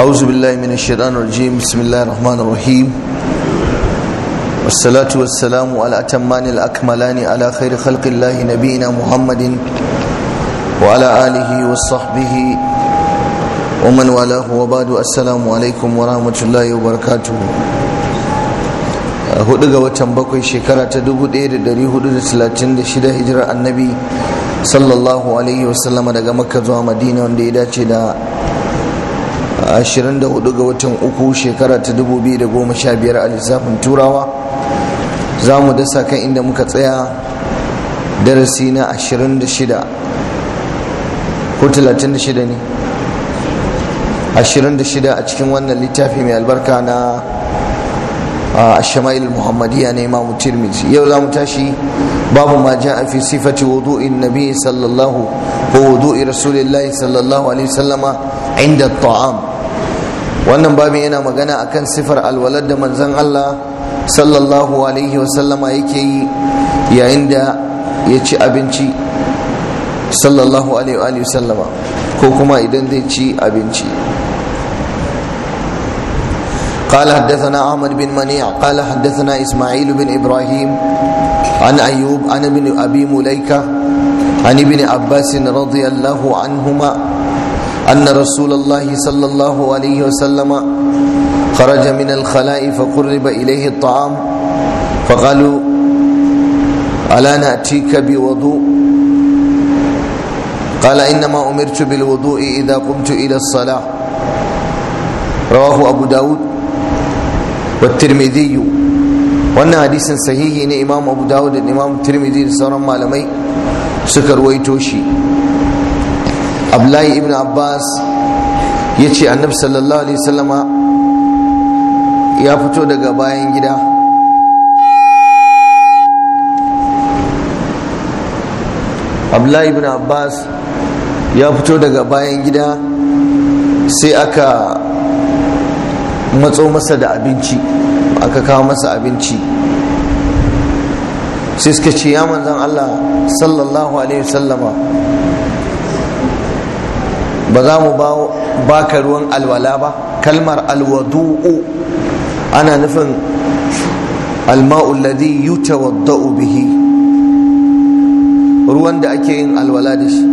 أعوذ بالله من الشيطان الرجيم بسم الله الرحمن الرحيم والصلاة والسلام على أتمان الأكملان على خير خلق الله نبينا محمد وعلى آله وصحبه ومن والاه وبعد السلام عليكم ورحمة الله وبركاته hudu ga watan bakwai shekara ta 1436 hijirar annabi sallallahu alaihi wasallama daga makka zuwa madina wanda ya dace da 24 ga watan uku shekara ta 2015 a lissafin turawa za mu dasa kan inda muka tsaya darasi na 26 ko 36 ne 26 a cikin wannan littafi mai albarka na a shama'il muhammadiyya ne imam tirmidhi yau za mu tashi babu ma ja fi sifati wudu'in nabi sallallahu wa wudu'i rasulillahi sallallahu alaihi wasallama inda ta'am wannan babin yana magana akan sifar alwalar da manzon Allah sallallahu alaihi wasallama yake yi yayin da ya ci abinci sallallahu alaihi wasallama ko kuma idan zai ci abinci قال حدثنا احمد بن منيع قال حدثنا اسماعيل بن ابراهيم عن ايوب عن ابن ابي مليكه عن ابن عباس رضي الله عنهما أن رسول الله صلى الله عليه وسلم خرج من الخلاء فقرب إليه الطعام فقالوا ألا نأتيك بوضوء قال إنما أمرت بالوضوء إذا قمت إلى الصلاة رواه أبو داود والترمذي وأن حديث صحيح إن إمام أبو داود الإمام الترمذي صار malamai suka ruwaito shi abdullahi ibn abbas ya ce annabi sallallahu alaihi wasallama ya fito daga bayan gida abdullahi ibn abbas ya fito daga bayan gida sai aka matso masa da abinci aka kawo masa abinci sai suka ce ya manzan allah sallallahu alaihi wasallama ba za mu ba ka ruwan alwala ba kalmar alwadu'u ana nufin alma'u alladhi yutawadda'u bihi ruwan da ake yin alwala da shi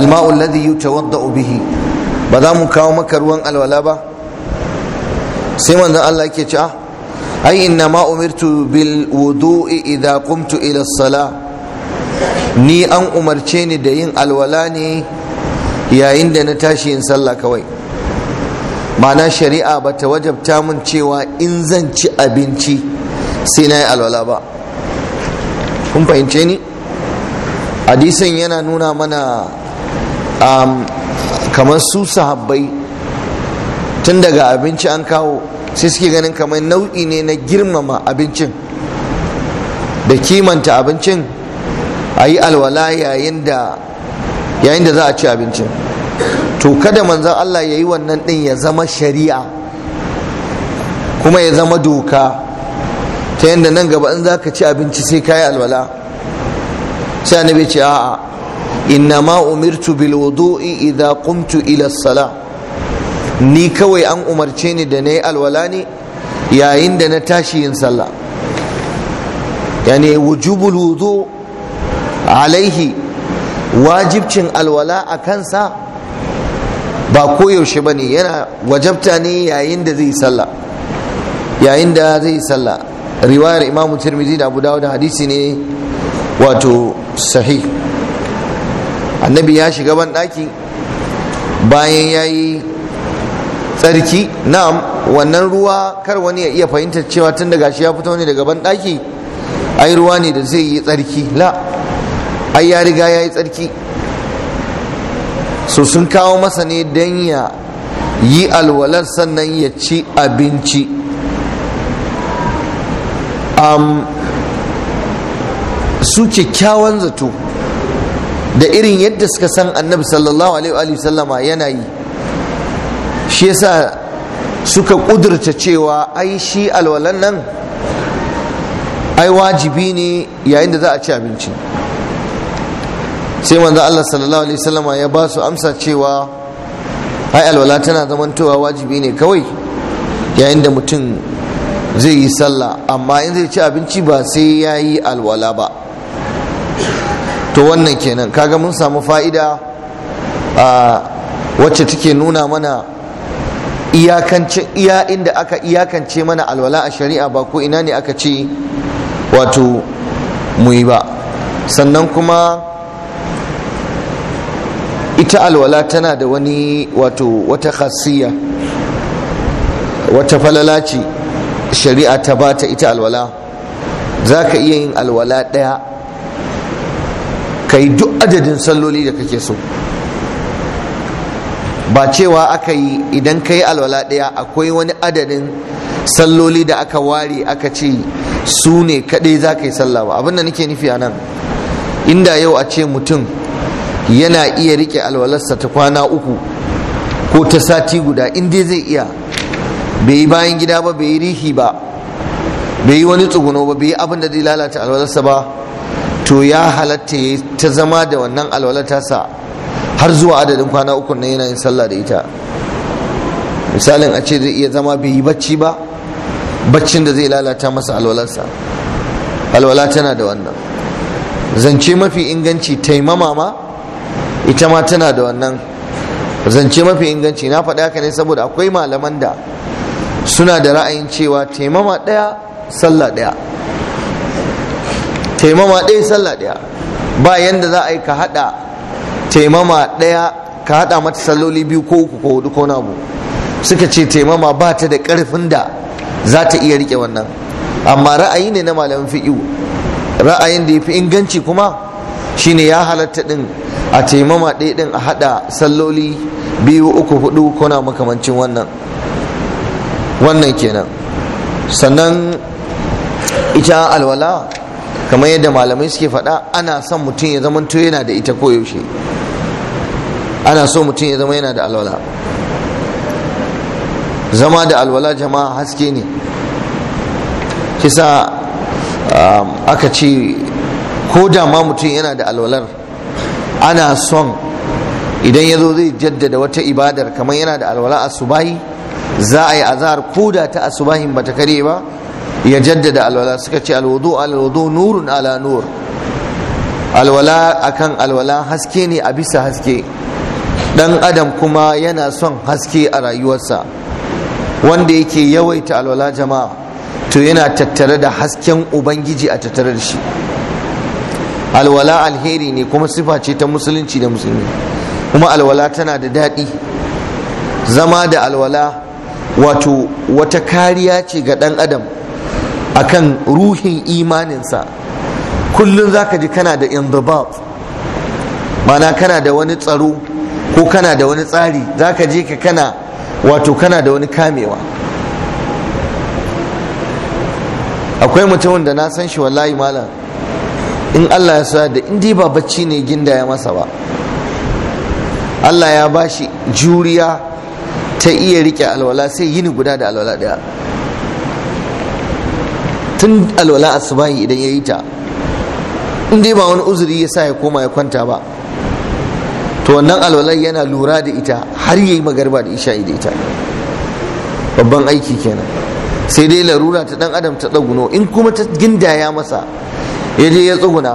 alma'u alladhi yutawadda'u bihi ba za mu kawo maka ruwan alwala ba sai manzon Allah yake ce ah ai inna ma umirtu bil wudu'i idza qumtu ila sala ni an umarce ni da yin alwala ne yayin da na tashi yin sallah kawai ma'ana shari'a ba ta wajabta mun cewa in zan ci abinci sai na yi alwala ba kun fahimce ni hadisin yana nuna mana kamar su sahabbai tun daga abinci an kawo sai suke ganin kamar nau'i ne na girmama abincin da kimanta abincin a yi alwala yayin da za a ci abincin to kada manzan Allah ya yi wannan din ya zama shari'a kuma ya zama doka ta yadda nan gaba in za ka ci abinci sai ka yi alwala sai ce a'a inna ma umirtu bil wudu'i idza qumtu ila salah ni kawai an umarce ni da na yi alwala ne yayin da na tashi yin sallah yani wujubul wudu alaihi wajibcin alwala a kansa ba koyaushe ba ne yana wajabta ne yayin da zai sallah yayin da zai sallah riwayar imamu tirmidhi da abu dawud hadisi ne wato sahih annabi ya shiga ban daki bayan yayi tsarki na wannan ruwa kar wani ya iya fahimtar cewa tun daga shi ya fito ne daga banɗaki ai ruwa ne da zai yi tsarki la ai ya riga ya yi tsarki so sun kawo masa ne don ya yi alwalar sannan ya ci abinci su kyakkyawan zato da irin yadda suka san annabi sallallahu alaihi wasallama yana yi shi yasa suka kudurta cewa ai shi alwalan nan ai wajibi ne yayin da za a ci abinci sai manzo Allah sallallahu alaihi wasallama ya ba su amsa cewa ai alwala tana zamantowa wajibi ne kawai yayin da mutum zai yi sallah amma in zai ci abinci ba sai ya yi alwala ba to wannan kenan kaga mun samu fa'ida a wacce take nuna mana iyakance iya inda aka iyakance mana alwala a shari'a ba ko ina ne aka ce wato mu yi ba sannan kuma ita alwala tana da wani wato wata khasiyya wata falala ce shari'a ta bata ita alwala za ka iya yin alwala ɗaya ka yi duk adadin salloli da kake so ba cewa aka yi idan ka yi alwala ɗaya akwai wani adadin salloli da aka ware aka ce su ne kaɗai za ka yi sallah ba abin nake nufi anan. inda yau a ce mutum yana iya riƙe alwalarsa ta kwana uku ko ta sati guda in zai iya bai yi bayan gida ba bai yi rihi ba bai yi wani tsuguno ba bai yi abin da zai lalata alwalarsa ba to ya halatta ya ta zama da wannan alwalatarsa har zuwa adadin kwana uku na yana yin sallah da ita misalin a ce zai iya zama bai yi bacci ba baccin da zai lalata masa alwalarsa alwala tana da wannan zance mafi inganci taimama ma ita ma tana da wannan zance mafi inganci na faɗi haka ne saboda akwai malaman da suna da ra'ayin cewa taimama ɗaya sallah ɗaya taimama ɗaya sallah ɗaya ba yanda za a yi ka haɗa taimama ɗaya ka haɗa mata salloli biyu ko uku ko hudu ko abu suka ce taimama ba ta da ƙarfin da za ta iya rike wannan amma ra'ayi ne na malamin fiƙiu ra'ayin da ya fi inganci kuma shine ya halatta ɗin a taimama ɗaya din a haɗa salloli biyu uku hudu na makamancin wannan wannan kenan sannan ita alwala kamar yadda malamai suke faɗa ana son mutum ya zamanto yana da ita koyaushe ana so mutum ya zama yana da alwala zama da alwala jama'a haske ne kisa um, aka ce ko ma mutum yana da alwalar ana son idan ya zo zai jaddada wata ibadar kamar yana da alwala a subahi za a yi azahar koda ta ba bata kare ba ya jaddada alwala suka ce alwudu alwudu nurun ala nur alwala akan alwala haske ne a bisa haske dan adam kuma yana son haske a rayuwarsa wanda yake yawaita alwala jama'a to yana tattare da hasken ubangiji a tattare da shi alwala alheri ne kuma sifa ce ta musulunci da musulmi kuma alwala tana da daɗi zama da alwala wato wata kariya ce ga ɗan adam akan ruhin imaninsa kullum za ka ji kana da inzibat mana kana da wani tsaro ko kana da wani tsari za ka je ka kana wato kana da wani kamewa akwai mutumin da na san shi wallahi malam in Allah ya sa da indi ba bacci ne ginda ya masa ba Allah ya ba shi juriya ta iya rike alwala sai yini guda da alwala daya tun alwala asubahi idan ya yi ta in ba wani uzuri ya sa ya koma ya kwanta ba to wannan alwalai yana lura da ita har yayi magarba da isha'i da ita babban aiki kenan sai dai larura ta dan adam ta tsaguno in kuma ta gindaya masa ya je ya tsuguna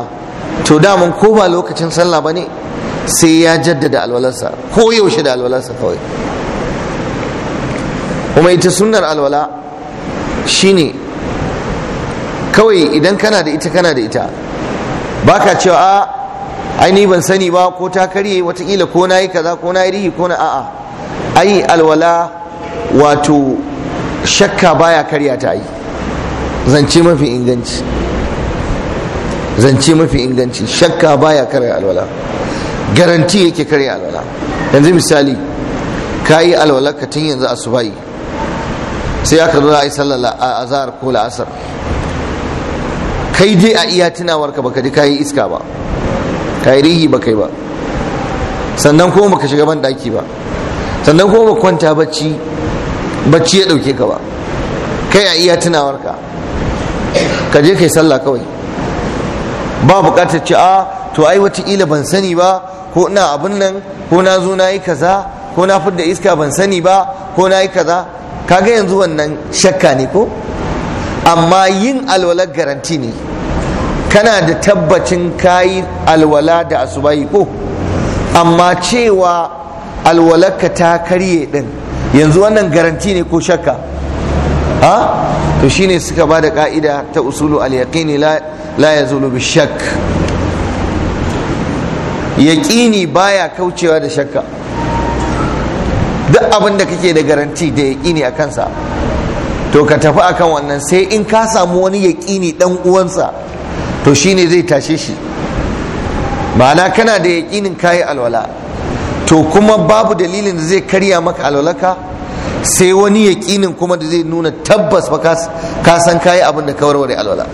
to daman ko ba lokacin sallah ba ne? sai ya jaddada alwalarsa ko yaushe da alwalarsa kawai kuma ita sunnar alwala shine kawai idan kana da ita kana da ita baka cewa a ah, ai ni ban sani ba ko ta karye watakila ko na yi kaza ko na yi rihi ko na a'a ai alwala wato shakka baya karya ta yi zance mafi inganci zance mafi inganci shakka baya karya alwala garanti yake karya alwala yanzu misali ka yi alwala ka tun yanzu asubahi sai aka zo a yi sallar a azhar ko la'asar kai dai a iya tunawarka baka ji yi iska ba tarihi rihi ba kai ba sannan kuma baka shiga ban daki ba sannan kuma ba kwanta bacci bacci ya dauke ka ba kai a iya tunawar ka je kai sallah kawai ba bukatar ci a ah, to ai ila ban sani ba ko ina abin nan ko na zo na yi kaza ko na fidda iska ban sani ba ko na yi kaza kaga yanzu wannan shakka ne ko amma yin alwalar garanti ne kana da tabbacin kayi alwala da asubahi ko amma cewa alwalarka ta karye din yanzu wannan garanti ne ko shakka ha to shine suka ba da ka'ida ta usulu al-yaqini la la yazulu bi shakk yaqini baya kaucewa da shakka duk abin da kake da garanti da yaqini a kansa to ka tafi akan wannan sai in ka samu wani yaqini dan uwansa to shi ne zai tashe shi ma'ana kana da yaƙinin kayi alwala to kuma babu dalilin da zai karya maka alwalaka sai wani yaƙinin kuma da zai nuna tabbas ba ka san kayi abin da kawarware alwala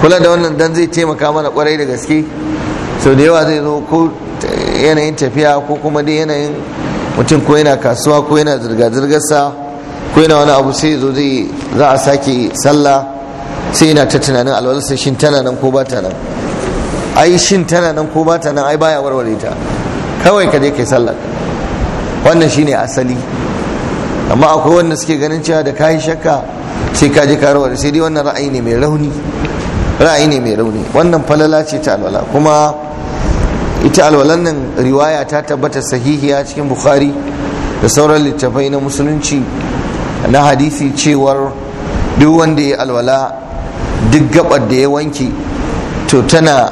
kula da wannan dan zai taimaka mana kwarai da gaske sau da yawa zai zo ko yanayin tafiya ko kuma dai yanayin mutum ko yana kasuwa ko yana zirga-zirgarsa ko yana wani abu sai zo zai za a sake sallah sai yana ta tunanin alwalarsa shin tana nan ko ba ta nan ai shin tana nan ko ba ta nan ai baya warware ta kawai ka je kai sallar wannan shine asali amma akwai wanda suke ganin cewa da kayi shakka sai ka je karawar sai dai wannan ra'ayi ne mai rauni ra'ayi ne mai rauni wannan falala ce ta alwala kuma ita alwalan nan riwaya ta tabbata sahihiya cikin bukhari da sauran littafai na musulunci na hadisi cewar duk wanda ya alwala duk gabar da ya wanke to tana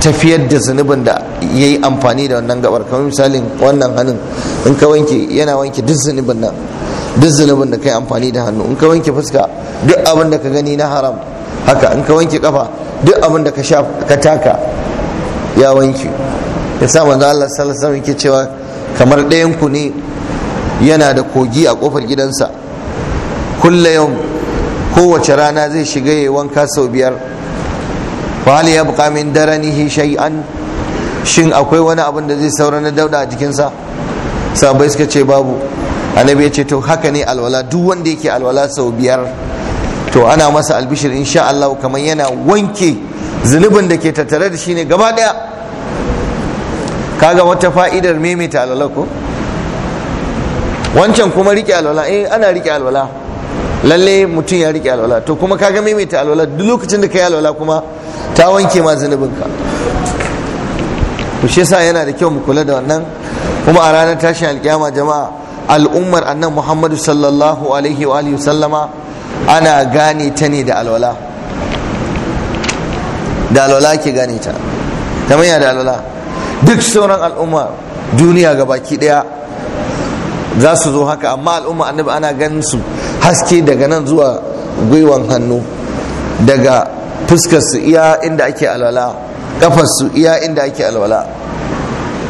tafiyar da zunubin da ya yi amfani da wannan gabar kamar misalin wannan hannun in ka wanke yana wanke duk zunubin nan duk zunubin da ka yi amfani da hannu in ka wanke fuska duk abin da ka gani na haram haka in ka wanke kafa duk abin da ka taka ya wanke ya sa manzo Allah sallallahu alaihi yake cewa kamar ɗayan ku ne yana da kogi a kofar gidansa kulla yau kowace rana zai shiga ya wanka sau biyar fali ya yabqa min daranihi shay'an shin akwai wani abin da zai saura na dauda a jikinsa sabai suka ce babu annabi ya ce to haka ne alwala duk wanda yake alwala sau biyar to ana masa albishir insha Allah kamar yana wanke zunubin da ke tattare da shi ne gaba daya kaga wata fa'idar maimaita alwala ko wancan kuma rike alwala eh ana rike alwala lalle mutum ya rike alwala to kuma ka kaga maimaita alwala duk lokacin da ka yi alwala kuma ta wanke ma zunubinka to shi yasa yana da kyau mu kula da wannan kuma a ranar tashin alkiyama jama'a al'ummar annan muhammadu sallallahu alaihi wa alihi sallama ana gane ta ne da alwala da alwala ke gane ta ta manya da alwala duk sauran al'umma duniya ga baki daya za su zo haka amma al'umma annabi ana ganin su haske daga nan zuwa gwiwan hannu daga fuskar su iya inda ake alwala kafar su iya inda ake alwala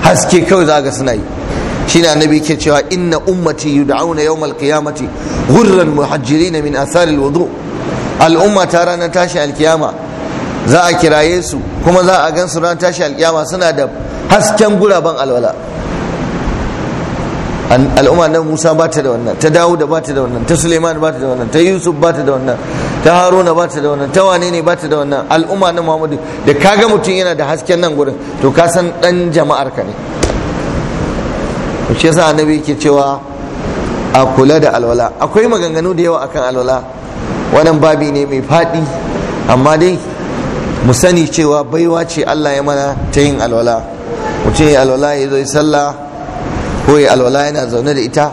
haske kawai za ga suna yi shine annabi yake cewa inna ummati yud'auna yawmal qiyamati ghurran muhajjirin min athar alwudu al'umma ta ranar tashi alkiyama za a kiraye su kuma za a gan su ranar tashi alkiyama suna da hasken guraben alwala al'umma na musa ba ta da wannan ta dawuda ba ta da wannan ta suleiman ba ta da wannan ta yusuf ba ta da wannan ta haruna ba ta da wannan ta wane ne ba ta da wannan al'umma na muhammadu da kaga mutum yana da hasken nan gurin to ka san dan jama'ar ka ne shi yasa annabi yake cewa a kula da alwala akwai maganganu da yawa akan alwala wannan babi ne mai faɗi amma dai mu sani cewa baiwa ce Allah ya mana ta yin alwala mutum ya alwala ya zo sallah ko alwala yana zaune da ita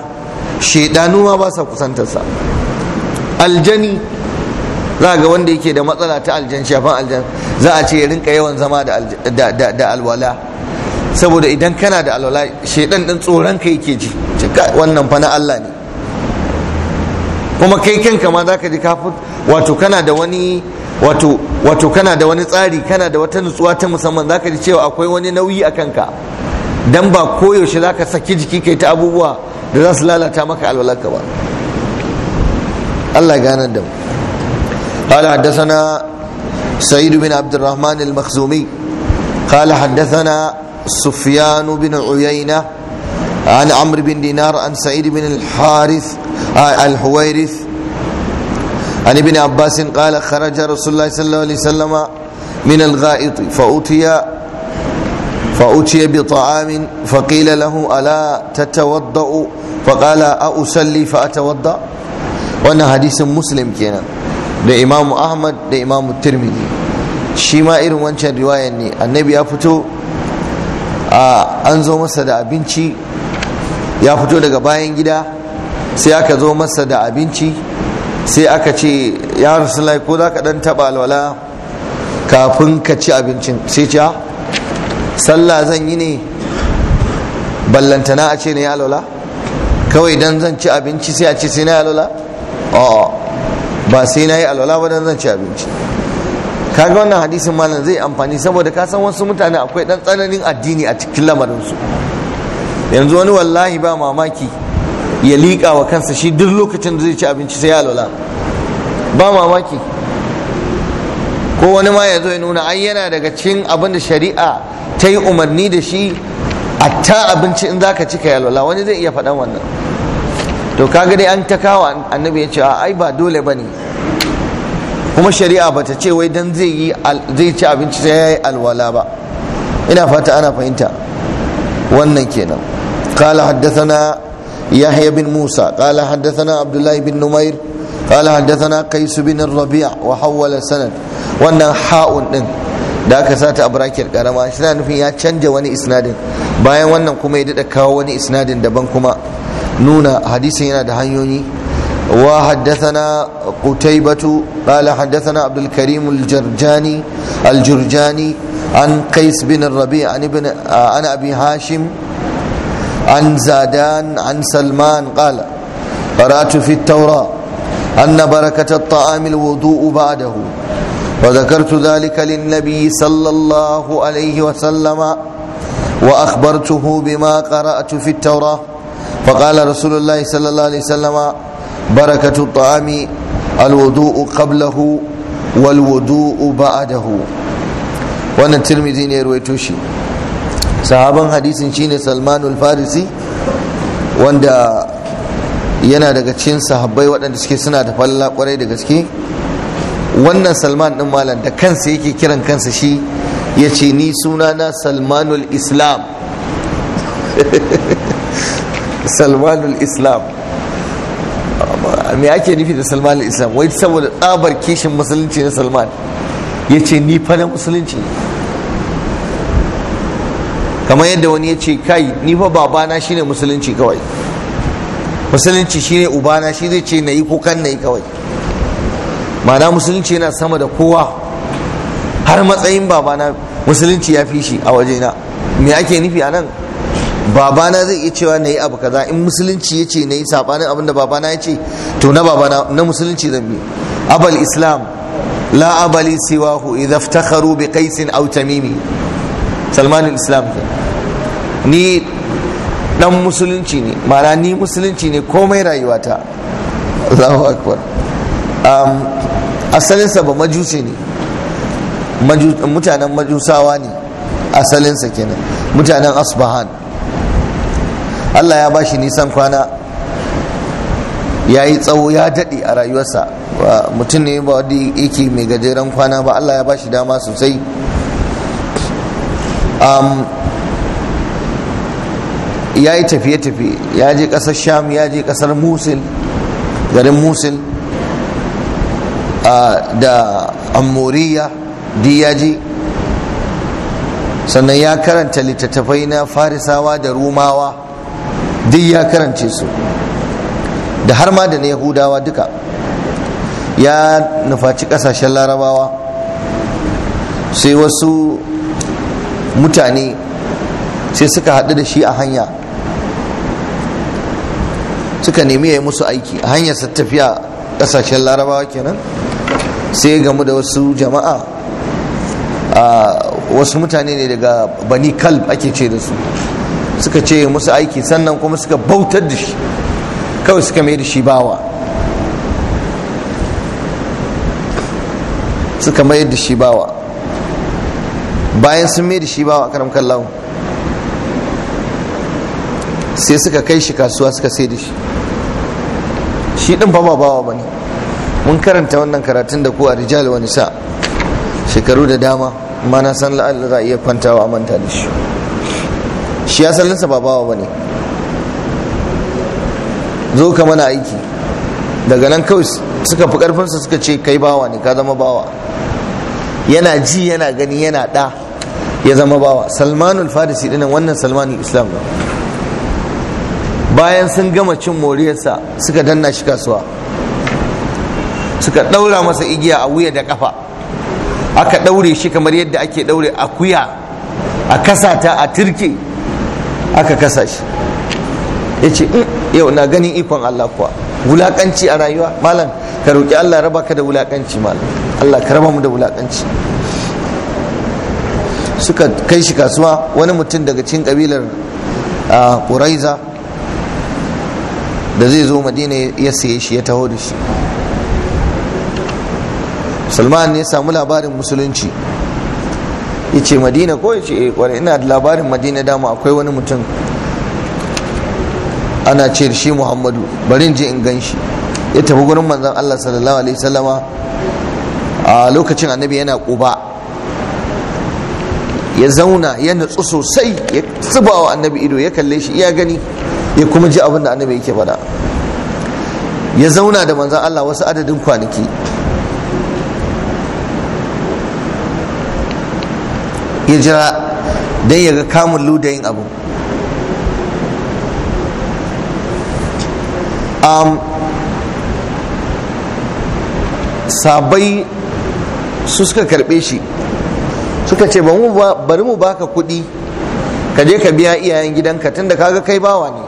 shaidanu ma ba sa kusantarsa aljani za ga wanda yake da matsala ta aljan shafan aljan za a ce ya rinka yawan zama da alwala saboda idan kana da alwala shaidan din tsoron ka yake ji wannan fa na Allah ne kuma kai kanka ma zaka ji kafu wato kana da wani wato kana da wani tsari kana da wata nutsuwa ta musamman zaka ji cewa akwai wani nauyi a kanka dan ba koyaushe za ka saki jiki kai ta abubuwa da za su lalata maka alwalarka ba Allah ganar da mu قال حدثنا سعيد بن عبد الرحمن المخزومي قال حدثنا سفيان بن عيينة عن عمرو بن دينار عن سعيد بن الحارث الحويرث عن ابن عباس قال خرج رسول الله صلى الله عليه وسلم من الغائط فأتي فأتي بطعام فقيل له ألا تتوضأ فقال أأصلي فأتوضأ وأنا حديث مسلم kenan da imamu ahmad da imamu tirmidhi shi ma irin wancan riwayar ne annabi ya fito an zo masa da abinci ya fito daga bayan gida sai aka zo masa da abinci sai aka ce ya rasulai ko za ka dan taba alwala kafin ka ci abincin sai ce sallah zan yi ne ballantana a ce ne ya lola? kawai dan zan ci abinci sai a ce sai na yi alola ba sai na yi alola ba dan zan ci abinci kaga wannan hadisin malam zai amfani saboda ka san wasu mutane akwai dan tsananin addini a cikin lamarinsu yanzu wani wallahi ba mamaki ya liƙa wa kansa shi duk lokacin da zai ci abinci sai ya lola. ba mamaki ko wani ma ya zo ya nuna ai yana daga cikin abin da shari'a ta yi umarni da shi a ta abinci in zaka cika yalwala wani zai iya faɗan wannan to kaga dai an ta kawo annabi ya ce ai ba dole ba ne kuma shari'a bata ce wai dan zai zai ci abinci sai yi alwala ba ina fata ana fahimta wannan kenan bin musa يحيى بن na Abdullahi bin Numair. الله بن نمير قال حدثنا قيس بن wa hawwala sanad. Wannan ha'un din da aka sa a burakiyar karama suna nufin ya canja wani isnadin bayan wannan kuma ya daɗa kawo wani isnadin daban kuma nuna hadisin yana da hanyoyi wa haddathana qutaybatu qala haddathana abdul karim al an qais bin al rabi an ibn hashim an zadan an salman qala qara'tu fi at tawra anna barakata at ta'am al wudu'u ba'dahu وذكرت ذلك للنبي صلى الله عليه وسلم وأخبرته بما قرأت في التوراة فقال رسول الله صلى الله عليه وسلم بركة الطعام الوضوء قبله والوضوء بعده wannan tirmidhi ne ruwaito shi sahaban hadisin shine salmanul farisi wanda yana daga cikin sahabbai waɗanda suke suna da falla kwarai da gaske wannan salman din malam da kansa yake kiran kansa shi ya ce ni sunana salmanul islam salmanul islam me ake nufi da Salmanul islam wai saboda tsabar kishin musulunci na salman ya ce ni fa na musulunci kamar yadda wani ya ce kai ni fa babana shine musulunci kawai musulunci shine ubana shi zai ce na yi ko kan na yi kawai ma'ana musulunci yana sama da kowa har matsayin babana musulunci ya fi shi a wajena me ake nufi a nan babana zai iya cewa na yi abu kaza in musulunci ya ce na yi sabanin abinda babana ya ce to na babana na musulunci zan bi abal islam la abali siwahu idza iftakharu bi qaisin aw tamimi salman islam ni dan musulunci ne ma'ana ni musulunci ne komai rayuwata Allahu akbar um, asalinsa ba majusi ne mutanen majusawa ne asalinsa kenan mutanen asbahan allah ya bashi nisan kwana ya yi tsawo ya daɗe a rayuwarsa mutum ne ba wadda yake mai gajeren kwana ba allah ya bashi dama sosai ya yi tafiye-tafiye ya je ƙasar sham ya je ƙasar musul garin musul da amuriya ji sannan ya karanta littattafai na farisawa da rumawa duk ya karance su da har ma da na yahudawa duka ya nufaci kasashen larabawa sai wasu mutane sai suka haɗu da shi a hanya suka nemi ya yi musu aiki a hanyar tafiya kasashen larabawa kenan sai gamu da wasu jama'a wasu mutane ne daga bani kalb ake ce da su suka ce musu aiki sannan kuma suka bautar da shi kawai suka mai da shi bawa suka mai da shi bawa bayan sun mai da shi bawa karam kallon sai suka kai shi kasuwa suka sai da shi shi din ba bawa ba ne mun karanta wannan karatun da ku a rijal wa nisa shekaru da dama Ma na san la'alla za a iya kwantawa a manta da shi shi ya asalinsa ba bawa bane zo ka mana aiki daga nan kawai suka fi karfinsa suka ce kai bawa ne ka zama bawa yana ji yana gani yana da ya zama bawa salmanul farisi dinan wannan salmanul islam bayan sun gama cin moriyarsa suka danna shi kasuwa suka ɗaura masa igiya a wuya da ƙafa aka ɗaure shi kamar yadda ake ɗaure akuya a ta a turki aka kasa shi ya ce mm, yau na ganin ikon Allah kuwa wulaƙanci a rayuwa malam ka roƙi Allah raba ka da wulaƙanci malam Allah ka raba mu da wulaƙanci suka kai shi kasuwa wani mutum daga cikin kabilar ƙuraiza da zai zo madina ya saye shi ya taho da shi salman ne samu labarin musulunci ya ce madina ko ya ce eh ina da labarin madina dama akwai wani mutum ana ce shi muhammadu barin je in gan shi ya tafi gurin manzan allah sallallahu alaihi sallama a lokacin annabi yana kuba ya zauna ya nutsu sosai ya tsuba wa annabi ido ya kalle shi iya gani ya kuma ji abin da annabi yake faɗa ya zauna da manzan allah wasu adadin kwanaki ya jira don ya ga kamun ludayin abu um, sabai su suka karbe shi suka ce bari mu baka kudi ka je ka biya iyayen gidanka tunda kaga kai bawa ne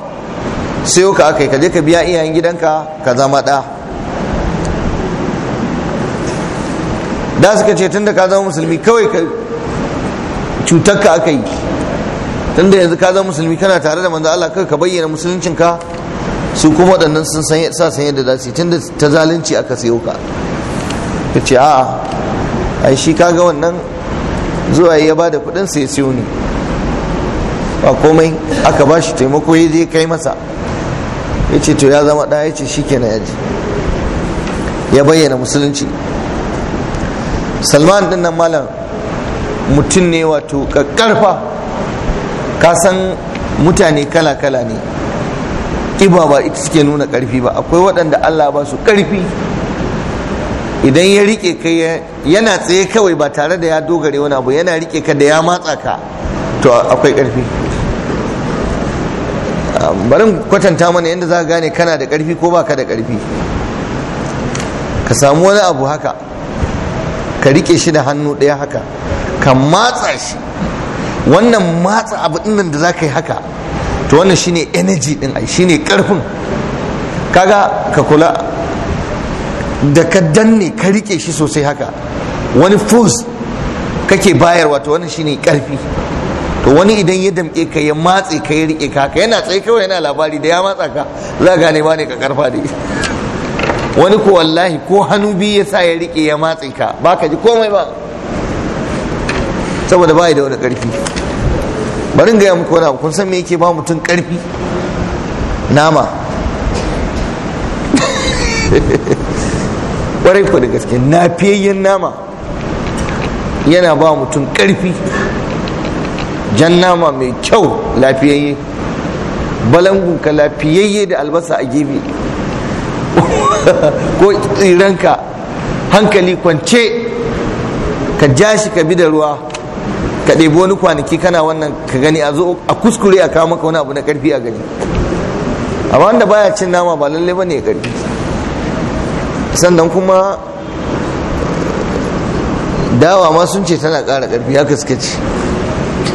sai ka aka yi ka je ka biya iyayen gidanka ka zama ɗa da suka ce tunda ka zama musulmi kawai cutar ka aka yi tunda yanzu ka zama musulmi kana tare da manzo Allah ka bayyana musuluncin ka su kuma waɗannan sun san sa yadda za su yi tunda ta zalunci aka sayo ka ka ce a'a ai shi kaga wannan zuwa ya ba da kuɗin sai ya siyo ni ba komai aka ba shi taimako ya je kai masa ya ce to ya zama ɗaya ya ce shi kenan ya ya bayyana musulunci salman ɗin nan malam mutum ne wato ƙarfa ka san mutane kala-kala ne ƙiba ba ita suke nuna ƙarfi ba akwai waɗanda allah ba su ƙarfi idan ya rike ka yana tsaye kawai ba tare da ya dogare wani abu yana rike ka da ya matsa ka to akwai ƙarfi barin kwatanta mana yadda za ka gane kana da ƙarfi ko ba ka da ƙarfi ka samu wani abu haka ka rike shi da hannu ɗaya haka ka matsa shi wannan matsa abu nan da za ka yi haka to wannan shine energy din ai shine karfin kaga ka kula da ka danne ka rike shi sosai haka wani fools kake bayarwa to wannan shine karfi to wani idan ya damke ka ya matse ka ya rike ka haka yana tsaye kawai yana labari da ya matsa ka za ka gane ma ne ka karfa da wani ko wallahi ko hannu biyu ya sa ya rike ya matse ka ba ka ji komai ba saboda ba da wani karfi bari gaya muku wani kun san me yake ba mutum ƙarfi nama ƙwarai ku da gaske nafiyayyen nama yana ba mutum karfi jan nama mai kyau lafiyayye balangunka lafiyayye da albasa a gefe ko tsiranka hankali kwance ka ja shi ka bi da ruwa ka ɗebi wani kwanaki kana wannan ka gani a zo a kuskure a kawo maka wani abu na ƙarfi a gani amma wanda baya cin nama ba lalle ba ne ya sannan kuma dawa ma sun ce tana ƙara ƙarfi haka suka ce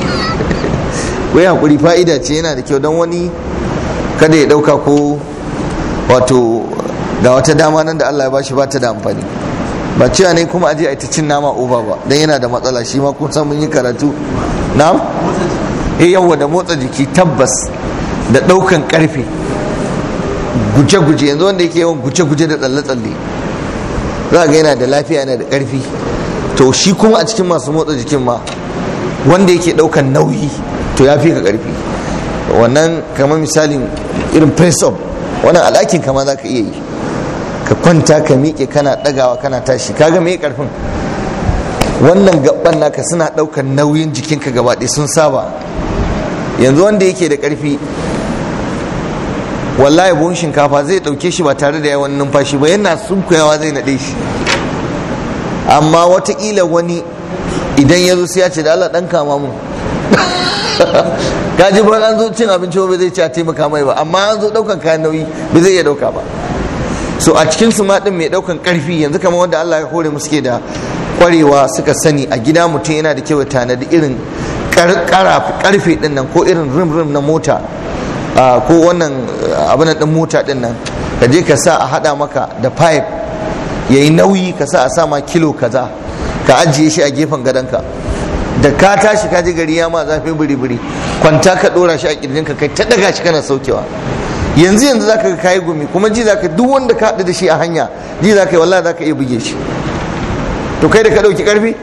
wai haƙuri fa'ida ce yana da kyau don wani kada ya ɗauka ko wato ga wata dama nan da Allah ya bashi ba ta da amfani ba cewa ne kuma aje a ita cin nama uba ba dan yana da matsala shi ma kun san mun yi karatu na eh yawa da motsa jiki tabbas da daukan karfe guje-guje yanzu wanda yake yawan guje-guje da tsalle-tsalle za ga yana da lafiya yana da karfi to shi kuma a cikin masu motsa jikin ma wanda yake daukan nauyi to ya fi ka karfi wannan kamar misalin irin press up wannan alakin kama za ka iya yi ka kwanta ka miƙe kana ɗagawa kana tashi kaga me ƙarfin wannan gaban naka suna ɗaukar nauyin jikinka gaba ɗaya sun saba yanzu wanda yake da ƙarfi wallahi buhun shinkafa zai ɗauke shi ba tare da yawan numfashi ba yana sunkuyawa zai naɗe shi amma watakila wani idan ya zo sai ya ce da Allah ɗan kama mu kaji ba an zo cin abinci ba zai ci a taimaka mai ba amma an zo ɗaukar kayan nauyi ba zai iya ɗauka ba so a cikin su ma din mai daukan karfi yanzu kamar wanda Allah ya hore mu suke da kwarewa suka sani a gida mutum yana da kyau ya tanadi irin karfe din nan ko irin rim rim na mota ko wannan abin din mota din nan ka je ka sa a hada maka da pipe yayi nauyi ka sa a sa ma kilo kaza ka ajiye shi a gefen gadonka da ka tashi ka ji gari ya ma zafin biri-biri kwanta ka dora shi a ka kai ta daga shi kana saukewa yanzu yanzu zaka ga kayi gumi kuma ji zaka duk wanda ka haɗu da shi a hanya ji zaka yi wallahi zaka iya buge shi to kai da ka ɗauki ƙarfi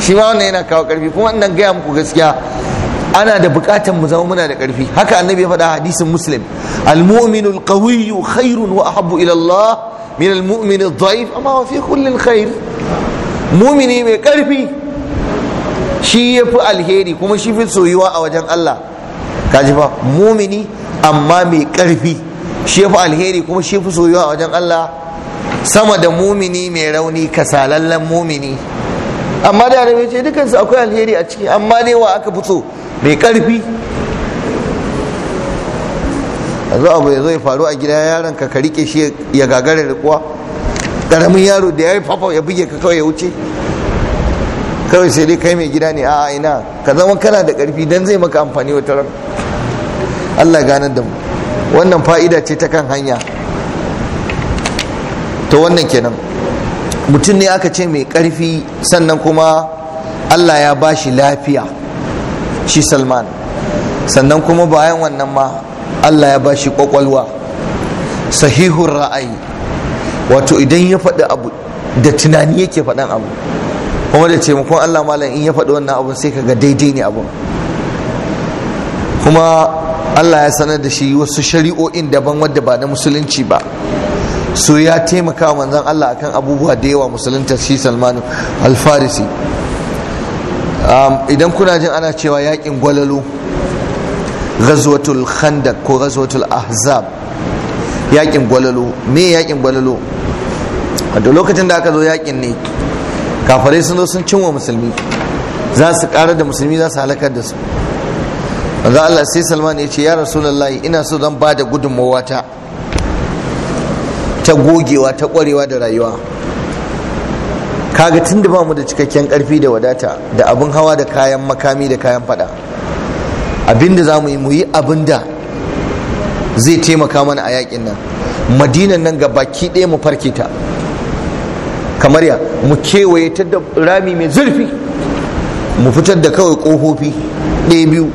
shi ma wannan yana kawo ƙarfi kuma ina gaya muku gaskiya ana da bukatan mu zama muna da ƙarfi haka annabi ya faɗa hadisin muslim al-mu'minu al-qawiyyu khairun wa ahabbu ila Allah min al-mu'min amma wa fi kulli al-khair mu'mini mai ƙarfi shi yafi alheri kuma shi fi soyuwa a wajen Allah kaji fa mu'mini amma mai karfi. shi alheri kuma shi fi soyuwa a wajen Allah sama da mumini mai rauni kasalallen mumini amma da yarabe ce dukansu akwai alheri a ciki amma ne wa aka fito mai ƙarfi a zo abu ya zo ya faru a gida yaron ka ka rike shi ya gagara rikuwa ƙaramin yaro da ya yi fafa ya buge ka kawai ya wuce kawai sai dai kai mai gida ne a ina ka zama kana da ƙarfi don zai maka amfani wata ran Allah ganar da mu wannan fa'ida ce ta kan hanya to wannan kenan mutum ne aka ce mai karfi sannan kuma Allah ya ba shi lafiya shi Salman sannan kuma bayan wannan ma Allah ya ba shi ƙwaƙwalwa sahihun ra'ayi wato idan ya faɗi abu da tunani yake faɗan abu kuma da taimakon Allah malam in ya faɗi wannan abu sai kaga daidai ne abu. kuma Allah ya sanar da shi wasu shari'o'in daban wadda ba na musulunci ba so ya taimaka manzon Allah akan abubuwa da yawa musulunta shi Salmanu al-Farisi um, idan kuna jin ana cewa yakin gwalalo ghazwatul khandaq ko ghazwatul ahzab yakin gwalalo me yakin gwalalo a lokacin da aka zo yakin ne kafarai sun zo sun cinwa musulmi za su ƙara da musulmi za su halakar da su manzo Allah sai Salman ya ce ya Rasulullah ina so zan bada gudunmawa ta ta gogewa ta kwarewa da rayuwa kaga tun da bamu da cikakken karfi da wadata da abin hawa da kayan makami da kayan fada abinda za mu yi mu yi abinda zai taimaka mana a yakin nan madinan nan ga baki ɗaya mu farke ta kamar ya mu kewaye ta da rami mai zurfi mu fitar da kawai ƙofofi ɗaya biyu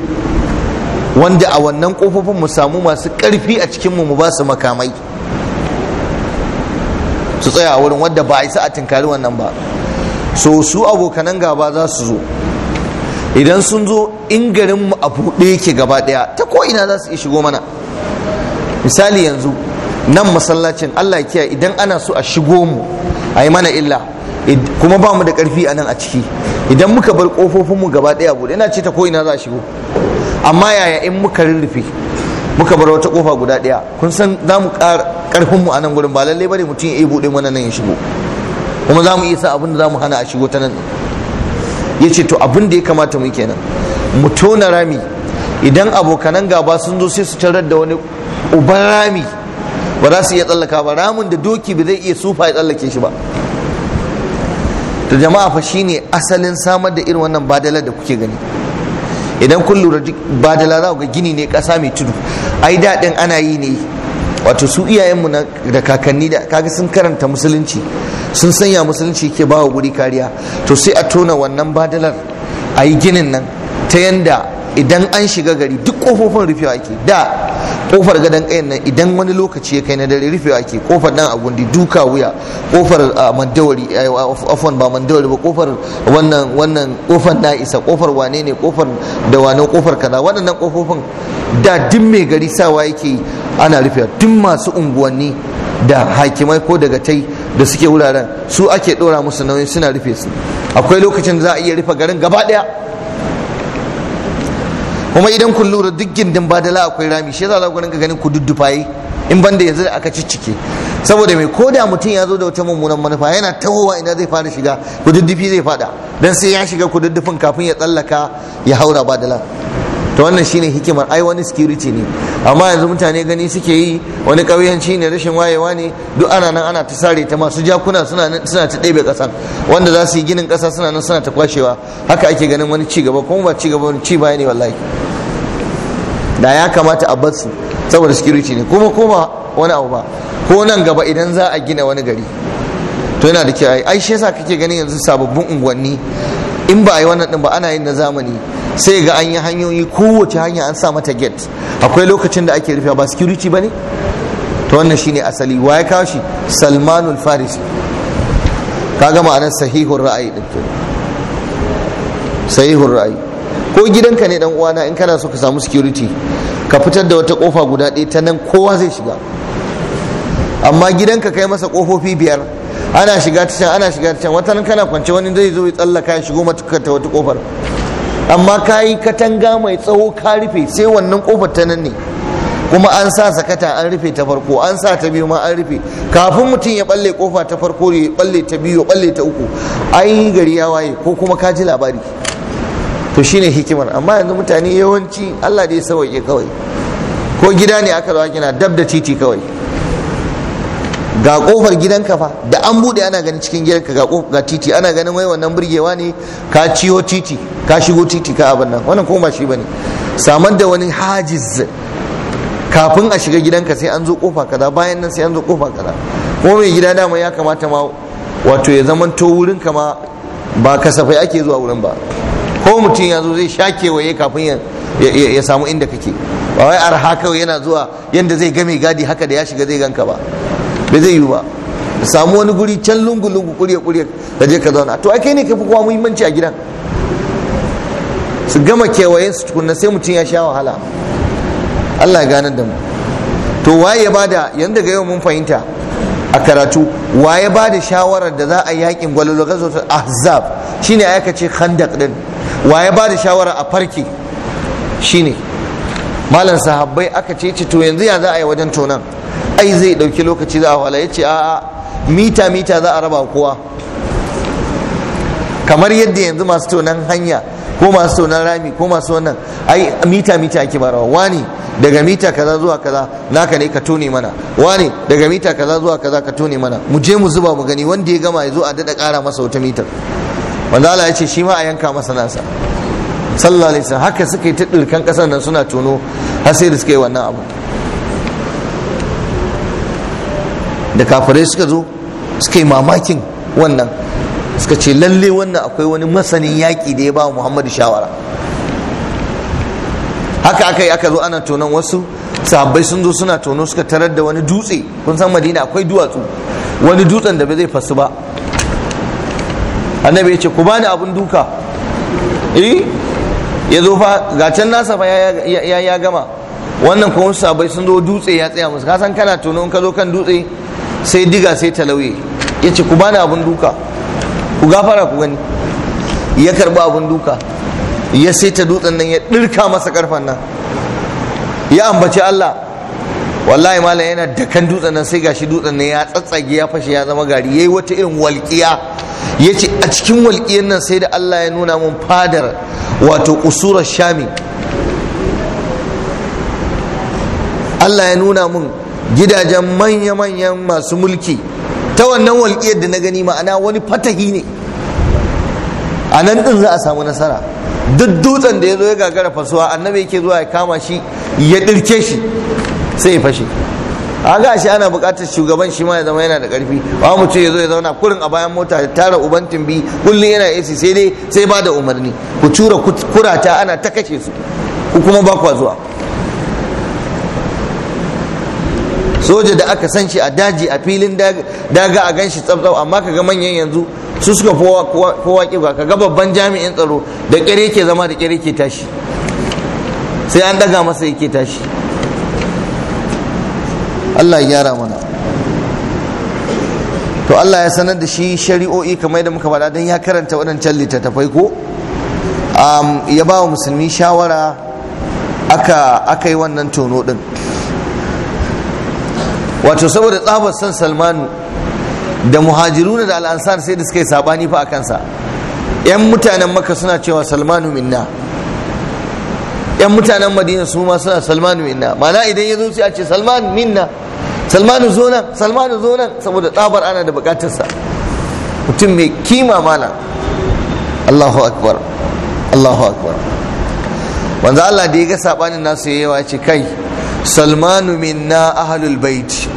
wanda a wannan kofofin mu samu masu karfi a cikin mu mu ba su makamai su tsaya a wurin wanda ba a isa a tinkari wannan ba so su abokanan gaba za su zo idan sun zo in garin mu a buɗe yake gaba ɗaya ta ko ina za su iya shigo mana misali yanzu nan masallacin Allah ya kiya idan ana so a shigo mu a yi mana illa kuma ba mu da ƙarfi a nan a ciki idan muka bar ƙofofinmu mu gaba ɗaya buɗe ina ce ta ko ina za a shigo amma yaya in muka rurrufe muka bar wata kofa guda ɗaya kun san za mu mu a nan gurin ba lallai bane mutum ya iya buɗe mana nan ya shigo kuma za mu iya sa abin da za mu hana a shigo ta nan ya ce to abin ya kamata mu kenan mu tona rami idan abokanan gaba sun zo sai su tarar da wani uban rami ba za su iya tsallaka ba ramin da doki ba zai iya sufa ya tsallake shi ba to jama'a fa shine asalin samar da irin wannan badalar da kuke gani idan kun lura ba da za ga gini ne ƙasa mai tudu ai daɗin ana yi ne wato su iyayenmu da kakanni da kaga sun karanta musulunci sun sanya musulunci ke bawa wuri kariya to sai a tona wannan badalar a yi ginin nan ta yanda idan an shiga gari duk kofofin rufewa ake da kofar gadon kayan nan idan wani lokaci ya kai na dare rufewa ake kofar nan a gundi duka wuya kofar mandawari afon ba mandawari ba kofar wannan wannan kofar na isa kofar wane ne kofar da wane kofar kaza waɗannan kofofin da duk mai gari sawa yake ana rufewa duk masu unguwanni da hakimai ko daga tai da suke wuraren su ake ɗora musu nauyin suna rufe su akwai lokacin da za a iya rufe garin gaba ɗaya kuma idan kun lura duk gindin badala akwai rami shi yasa za ku rinka ganin ku duddufaye in banda yanzu da aka ciccike saboda mai ko da mutum ya zo da wata mummunan manufa yana tahowa ina zai fara shiga ku duddufi zai fada don sai ya shiga ku duddufin kafin ya tsallaka ya haura badala to wannan shine hikimar ai wani security ne amma yanzu mutane gani suke yi wani ƙauyanci ne rashin wayewa ne duk ana nan ana ta sare ta masu jakuna suna suna ta ɗebe ƙasan wanda za su yi ginin ƙasa suna nan suna ta kwashewa haka ake ganin wani ci gaba kuma ba ci gaba ci baya ne wallahi da ya kamata a bar su saboda security ne kuma kuma wani abu ba ko nan gaba idan za a gina wani gari to yana da kyau ai shi yasa kake ganin yanzu sababbin unguwanni in ba a yi wannan din ba ana yin na zamani sai ga an yi hanyoyi kowace hanya an sa mata gate akwai lokacin da ake rufewa ba security ba ne to wannan shine asali wa ya kawo shi salmanul farisi gama ma'anar sahihun ra'ayi din sahihun ra'ayi ko gidanka ne dan uwana in kana so ka samu security ka fitar da wata kofa guda ɗaya ta nan kowa zai shiga amma gidanka kai masa kofofi biyar ana shiga ta can ana shiga ta can wata nan kana kwance wani zai zo ya tsallaka ya shigo mata ta wata kofar amma ka yi katanga mai tsawo ka rufe sai wannan kofar ta nan ne kuma an sa sakata an rufe ta farko an sa ta biyu ma an rufe kafin mutum ya balle kofa ta farko ya balle ta biyu ya balle ta uku ai gari ya waye ko kuma ka ji labari to shine hikimar amma yanzu mutane yawanci Allah da ya sauke kawai ko gida ne aka zo gina dab da titi kawai ga kofar gidanka fa da an bude ana ganin cikin gidanka ga ga titi ana ganin wai wannan burgewa ne ka ciyo titi ka shigo titi ka abin nan wannan kuma shi bane Saman da wani hajiz kafin a shiga gidanka sai an zo kofa kaza bayan nan sai an zo kofa kaza ko mai gida dama ya kamata ma wato ya zamanto wurin ka ma ba kasafai ake zuwa wurin ba ko mutum ya zo zai sha kewaye kafin ya samu inda kake ba wai arha kawai yana zuwa yanda zai game gadi haka da ya shiga zai ganka ba me zai yiwu ba samu wani guri can lungu lungu kuriya kuriya da je ka zauna to ake ne ka fi kowa muhimmanci a gidan su gama kewayen su tukunna sai mutum ya sha wahala Allah ya gane da mu to waye ya bada yanda ga yau mun fahimta a karatu waye ya bada shawarar da za a yakin gwalolo gazo ta ahzab shine aka ce khandaq din waye ya bada shawarar a farki shine malam sahabbai aka ce to yanzu ya za a yi wajen tonan ai zai dauki lokaci za a wala ya ce a'a mita mita za a raba kowa kamar yadda yanzu masu tonan hanya ko masu tonan rami ko masu wannan ai mita mita ake barawa wani daga mita kaza zuwa kaza naka ne ka tone mana wani daga mita kaza zuwa kaza ka tone mana mu je mu zuba mu gani wanda ya gama ya zo a dada kara masa wata mitar wanda Allah ya ce shi ma a yanka masa nasa sallallahu alaihi wasallam haka suka yi ta dirkan kasar nan suna tono har sai da suka yi wannan abu da kafirai suka zo suka yi mamakin wannan suka ce lalle wannan akwai wani masanin yaƙi da ya ba muhammadu shawara haka aka yi aka zo ana tonon wasu sahabbai sun zo suna tono suka tarar da wani dutse kun san madina akwai duwatsu wani dutsen da ba zai fasu ba annabi ya ce ku bani abin duka eh ya zo fa can nasa fa ya gama wannan kuma sahabbai sun zo dutse ya tsaya musu ka san kana tono in ka zo kan dutse sai diga sai talauye ya ce ku bani abin duka ku gafara ku gani ya karbi abin duka ya sai ta dutsen nan ya ɗirka masa karfan nan ya ambaci Allah wallahi malam yana dakan dutsen nan sai gashi dutsen nan ya tsatsage ya fashe ya zama gari yayi wata irin walƙiya yace a cikin walƙiyar nan sai da Allah ya nuna mun fadar wato usurar shami Allah ya nuna mun gidajen manya-manyan masu mulki ta wannan walƙiyar da na gani ma'ana wani fatahi ne a nan ɗin za a samu nasara duk dutsen da ya zo ya gagara fasuwa annabi yake zuwa ya kama shi ya ɗirke shi sai ya fashe a ga shi ana buƙatar shugaban shi ma ya zama yana da ƙarfi ba ce ya zo ya zauna kurin a bayan mota da tara uban timbi kullum yana AC sai dai sai ba da umarni ku tura kurata ana ta kashe su ku kuma ba kwa zuwa soja da aka san shi a daji a filin daga a gan shi tsabtsab amma ka ga manyan yanzu su suka kowa kiba ga babban jami'in tsaro da kere ke zama da kere ke tashi sai an daga masa yake tashi Allah ya gyara mana to Allah ya sanar da shi shari'o'i kamar da muka faɗa don ya karanta waɗancan littattafai ko ya ba wa musulmi shawara aka yi wannan tono ɗin wato saboda tsabar san salmanu da muhajiruna da al'ansar sai da suka yi sabani fa a kansa yan mutanen maka suna cewa salmanu minna yan mutanen madina su ma suna salmanu minna mana idan ya zo sai a ce salmanu minna salmanu zo nan salmanu zo nan saboda tsabar ana da bukatarsa mutum mai kima mana allahu akbar allahu akbar manzo Allah da ya ga sabanin nasu yayi yawa ce kai salmanu minna ahlul bait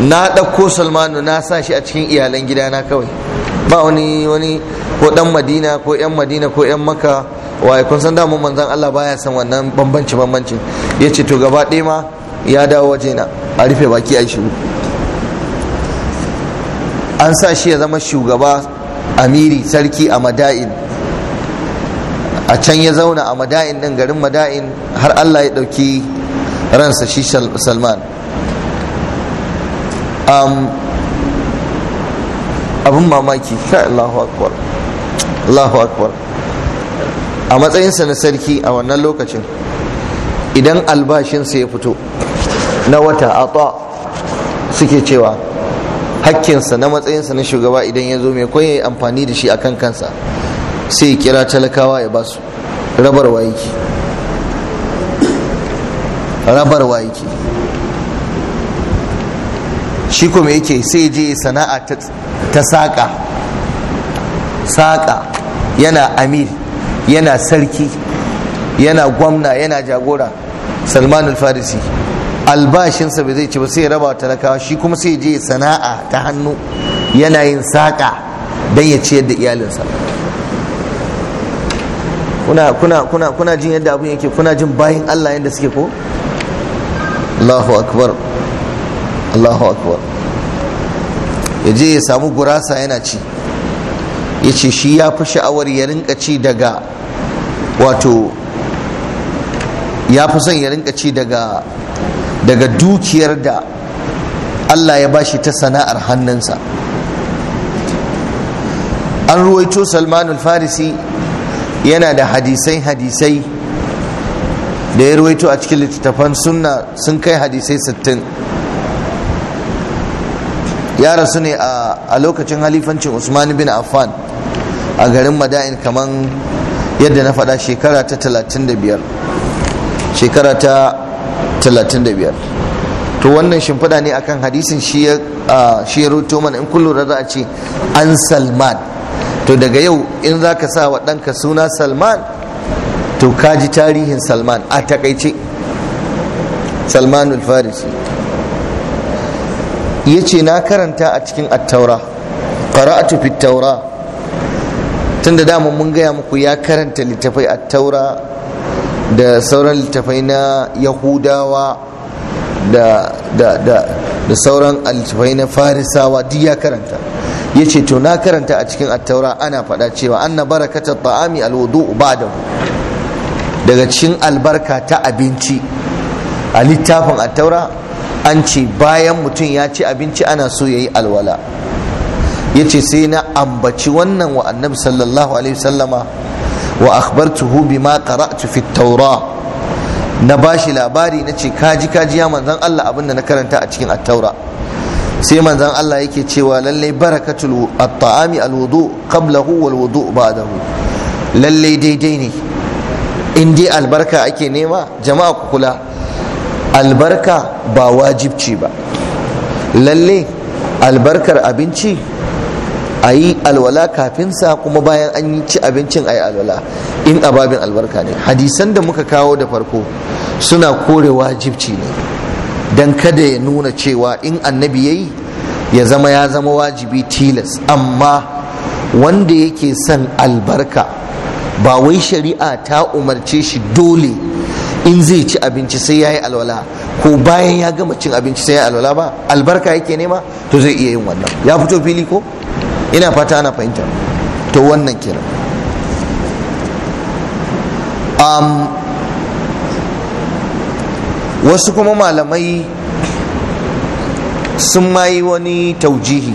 na ɗauko salmanu na sa shi a cikin iyalan gidana kawai ba wani wani ko ɗan madina ko yan madina ko yan maka waye kun san damu manzon Allah baya san wannan bambanci Ya ce to gaba ɗaya ma ya dawo waje na a rufe baki a shiru an sa shi ya zama shugaba amiri sarki a mada'in a can ya zauna a mada'in din garin mada'in har Allah ya ɗauki ransa shi salman Um, abin mamaki kai Allahu akbar Allahu akbar a matsayinsa na sarki a wannan lokacin idan albashinsa ya fito na wata atwa suke cewa hakkinsa na matsayinsa na shugaba idan ya zo mai kwaye amfani da shi a kan kansa sai ya kira talakawa ya basu rabar wayiki rabar shi kuma yake sai je sana'a ta saƙa saƙa yana amir yana sarki yana gwamna yana jagora salman al-farisi albashinsa bai zai ci ba sai raba talakawa shi kuma sai je sana'a ta hannu yana yin saƙa don ya ciyar da iyalinsa kuna jin yadda abin yake kuna jin bayin Allah yadda suke ko Allahu akbar Allahu akbar ya je ya samu gurasa yana ci ya ce shi ya fi sha'awar ya rinka ci daga wato ya fi son ya rinka ci daga dukiyar da Allah ya bashi ta sana'ar hannunsa an ruwaito salmanul farisi yana da hadisai hadisai da ya ruwaito a cikin littattafan sunna sun kai hadisai sittin. ya rasu ne a lokacin halifancin usman bin affan a garin mada'in kamar yadda na faɗa shekara ta 35 shekara ta 35 to wannan shimfiɗa ne akan hadisin shi ya rute mana in kullum da za a ce an salman to daga yau in za ka sa wa ɗanka suna salman to kaji tarihin salman a takaice salmanul farisi Ya ce na karanta a cikin attaura. taura qara'atu tufi taura tunda dama mun gaya muku ya karanta littafai a taura da sauran littafai na yahudawa da da da da sauran littafai na farisawa duk ya karanta ya ce to na karanta a cikin attaura ana faɗa cewa an anna barakatar ta'ami alwudu ba'dahu daga cikin albarka ta abinci a littafin attaura an ce bayan mutum ya ci abinci ana so ya yi alwala ya ce sai na ambaci wannan wa annabi sallallahu alaihi sallama wa akhbartuhu bima qara'tu fi taura na bashi labari na ce kaji kaji ya manzon Allah abinda na karanta a cikin at-taura sai manzon Allah yake cewa lalle barakatul at-ta'ami al-wudu qablahu wal wudu ba'dahu lalle daidai ne in dai albarka ake nema jama'a ku kula albarka ba wajibci ba lalle albarkar abinci a yi alwala sa kuma bayan an yi ci abincin a yi alwala in ababin albarka ne hadisan da muka kawo da farko suna kore wajibci ne don kada ya nuna cewa in annabi ya yi ya zama ya zama wajibi tilas amma wanda yake son albarka ba wai shari'a ta umarce shi dole in zai ci abinci sai ya yi alwala ko bayan ya gama cin abinci sai ya yi alwala ba albarka yake nema to zai iya yin wannan ya fito fili ko ina fata ana fahimta to wannan kenan um, wasu kuma malamai sun mayi wani taujihi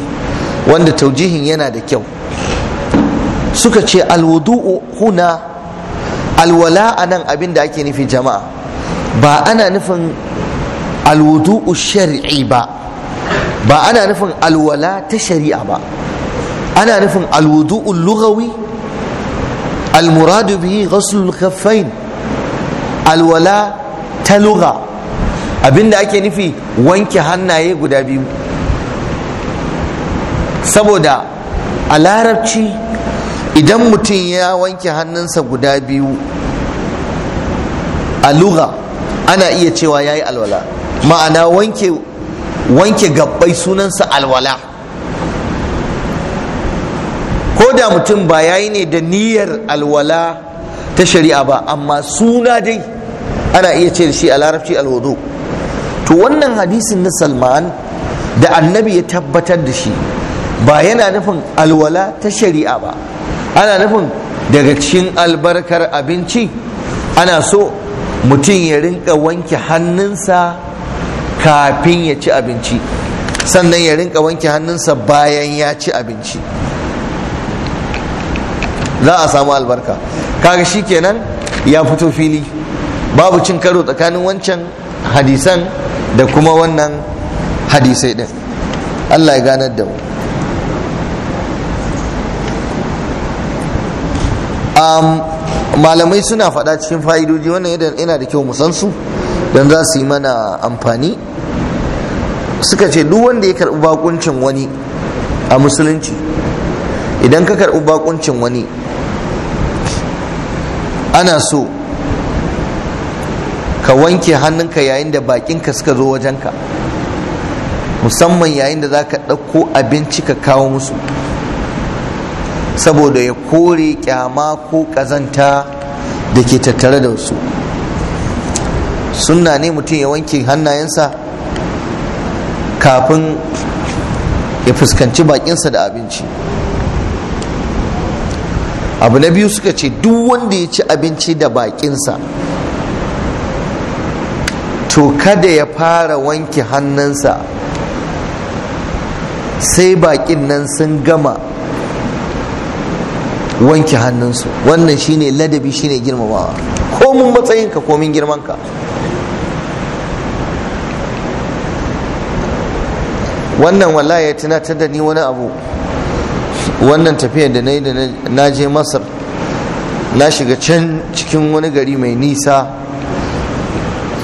wanda taujihin yana da kyau suka ce alwudu'u huna alwala a nan abin da ake nufi jama'a ba ana nufin alwudu'u shari'i ba ba ana nufin alwala ta shari'a ba ana nufin alwudu'u lughawi almuradu bihi ghaslul kaffain alwala ta lugha abinda ake nufi wanke hannaye guda biyu saboda a larabci idan mutum ya wanke hannunsa guda biyu a lugha ana iya cewa ya yi alwala ma'ana wanke wanke gabbai sunansa alwala ko da mutum ba ya yi ne da niyyar alwala ta shari'a ba amma suna dai ana iya ce da shi a larabci to wannan hadisin na salman da annabi ya tabbatar da shi ba yana nufin alwala ta shari'a ba ana nufin daga cikin albarkar abinci ana so mutum ya rinka wanke hannunsa kafin ya ci abinci sannan ya rinka wanke hannunsa bayan ya ci abinci za a samu albarka kaga shi kenan ya fito fili babu cin karo tsakanin wancan hadisan da kuma wannan hadisai din Allah ya ganar da mu Um, malamai suna faɗa cikin fa'idoji wannan yana da kyau mu san su don za su yi mana amfani suka ce duk wanda ya karɓi bakuncin wani a musulunci idan ka karɓi bakuncin wani ana so ka wanke hannunka yayin da bakinka suka zo wajenka musamman yayin da za ka ɗauko abinci ka kawo musu saboda ya kore kyama ko kazanta da ke tattare da su sunna ne mutum ya wanke hannayensa kafin ya fuskanci bakinsa da abinci abu na biyu suka ce duk wanda ya ci abinci da bakinsa to kada ya fara wanke hannunsa sai bakin nan sun gama wanke hannunsu wannan shine ladabi shine girmamawa komin matsayinka komin girmanka wannan wallahi ya tunatar da ni wani abu wannan tafiyar da na yi da na je masar na shiga can cikin wani gari mai nisa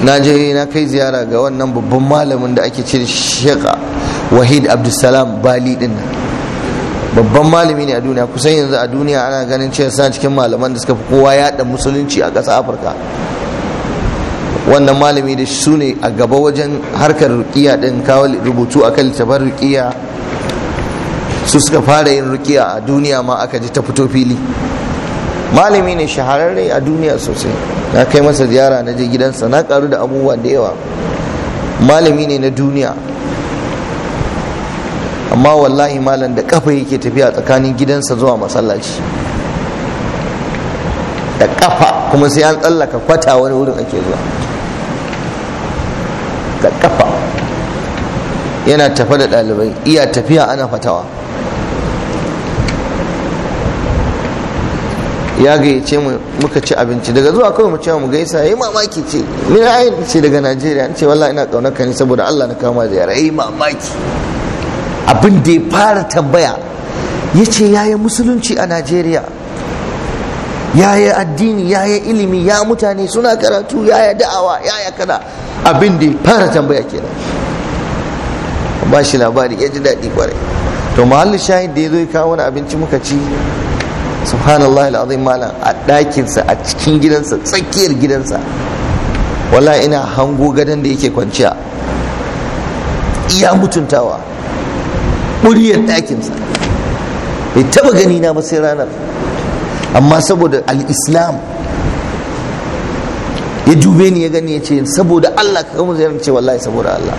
na je na kai ziyara ga wannan babban malamin da ake ce shekha wahid abdulsalam bali din babban malami ne a duniya kusan yanzu a duniya ana ganin cewa suna cikin malaman da suka fi kowa yaɗa musulunci a ƙasa afirka wannan malami da su ne a gaba wajen harkar rukiya din kawo rubutu a kan littafin rukiya su suka fara yin rukiya a duniya ma aka ji ta fito fili malami ne shahararre a duniya sosai na kai masa ziyara na je gidansa na karu da abubuwa da yawa malami ne na duniya amma wallahi malam da kafa yake tafiya tsakanin gidansa zuwa masallaci da kafa kuma sai an tsallaka kwata wani wurin ake zuwa da kafa yana tafa da ɗalibai iya tafiya ana fatawa ya gayyace mu muka ci abinci daga zuwa kawai mu cewa mu gaisa yayi mamaki ce ni na ce daga Najeriya an ce wallahi ina kaunar ka ne saboda Allah na kama ziyara yayi mamaki abin da ya fara tambaya ya ce yaya musulunci a najeriya yaya addini yaya ilimi ya mutane suna karatu yaya da'awa yaya kada abin da ya fara tambaya kenan ba shi labari ya ji daɗi kwarai to mahallin shahid da ya zo ya kawo wani abinci muka ci subhanallah alazim malam a ɗakinsa a cikin gidansa tsakiyar gidansa wala ina hango gadon da yake kwanciya iya mutuntawa ƙuriyar ɗakinsa bai taɓa gani na sai ranar amma saboda al'islam ya dube ni ya gani ya ce saboda Allah ka kama zai ce wallahi saboda Allah